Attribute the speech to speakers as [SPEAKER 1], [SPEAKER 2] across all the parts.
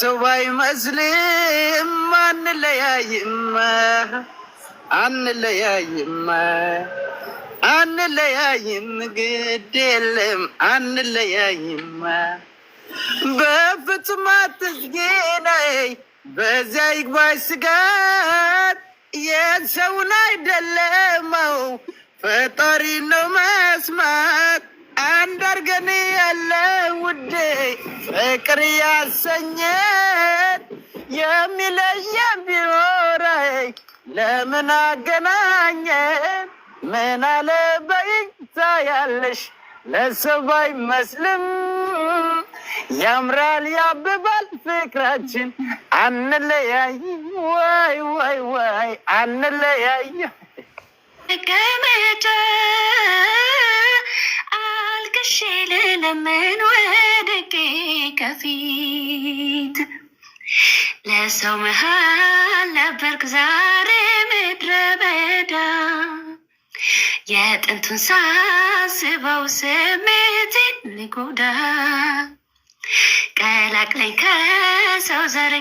[SPEAKER 1] ሰው ባይመስልም አንለያይም አንለያይም አንለያይም ግድ የለም አንለያይም በፍጹም አትስጌናይ በዚያ ይግባይ ስጋት የሰውን አይደለመው ፈጣሪ ነው መስማት አንድ አርገን ያለ ፍቅር ያሰኘን የሚለየን ቢኖረኝ ለምን አገናኘን? ምን አለ በይታ ያለሽ ለሰው ባይመስልም ያምራል ያብባል ፍቅራችን። አንለያይ ወይ ወይ ወይ አንለያይ
[SPEAKER 2] አልቅሼ ልለምን በፊት ለሰው መሃል ነበርክ ዛሬ ምድረ በዳ የጥንቱን ሳስበው ስሜት ንጎዳ ቀላቅለኝ ከሰው ዘር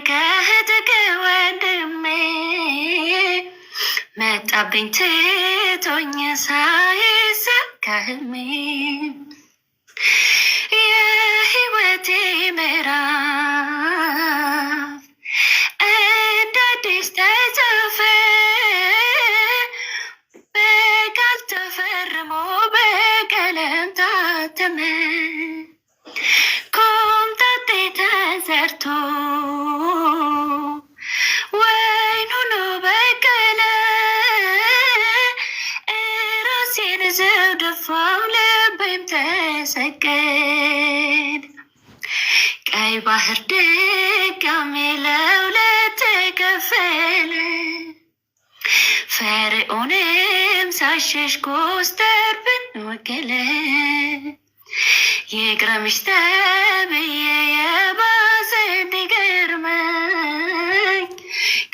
[SPEAKER 2] ጥግ ወንድሜ መጣብኝ ትቶኝ ሳይሳ ቆመ ኮምጣጤ ተዘርቶ ወይን ሆኖ በቀለ እራሴን ዘው ደፋው ልቤም ተሰገድ ቀይ ባህር ድጋሜ ለሁለት ተከፈለ ፈርዖንም ሳሸሽ ኮስተር ብንወገለ ይቅረምሽ ተብዬ የባሰ እንዲገርመኝ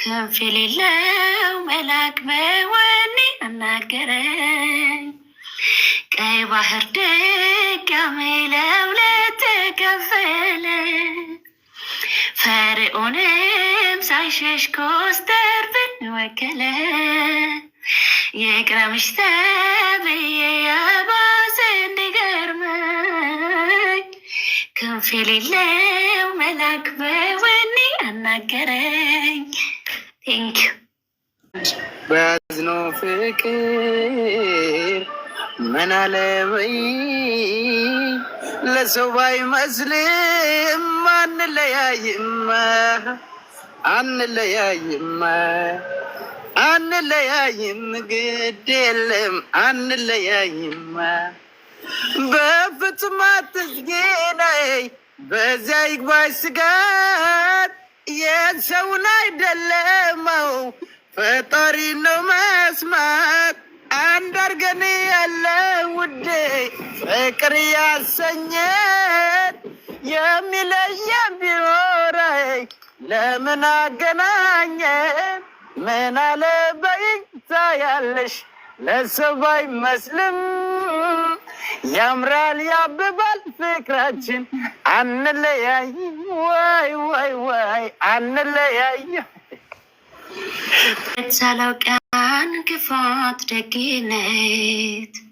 [SPEAKER 2] ክንፍ የሌለው መላክ በወኔ አናገረኝ። ቀይ ባህር ድጋሜ ለሁለት ተከፈለ። ፈርዖንም ሳይሸሽ ወከለ። ተብዬ የባሰ አንስ የሌለው መላክ በወኔ አናገረኝ። ቴንክ
[SPEAKER 1] በያዝነው ፍቅር ምናለበይ ለሰው ባይመስልም አንለያይም አንለያይም አንለያይም ግድ የለም አንለያይም በፍጹም አትስጌናይ በዚያ ይግባሽ ስጋት የሰውን አይደለመው ፈጣሪ ነው መስማት አንድ አርገን ያለ ውዴ ፍቅር ያሰኘን የሚለየን ቢኖረይ ለምን አገናኘን? ምን አለ በይታ ያለሽ ለሰው አይመስልም ያምራል ያብባል ፍቅራችን አንለያይ ወይ ወይ ወይ አንለያይ
[SPEAKER 2] ሳላውቅ ያን ክፋት ደግነት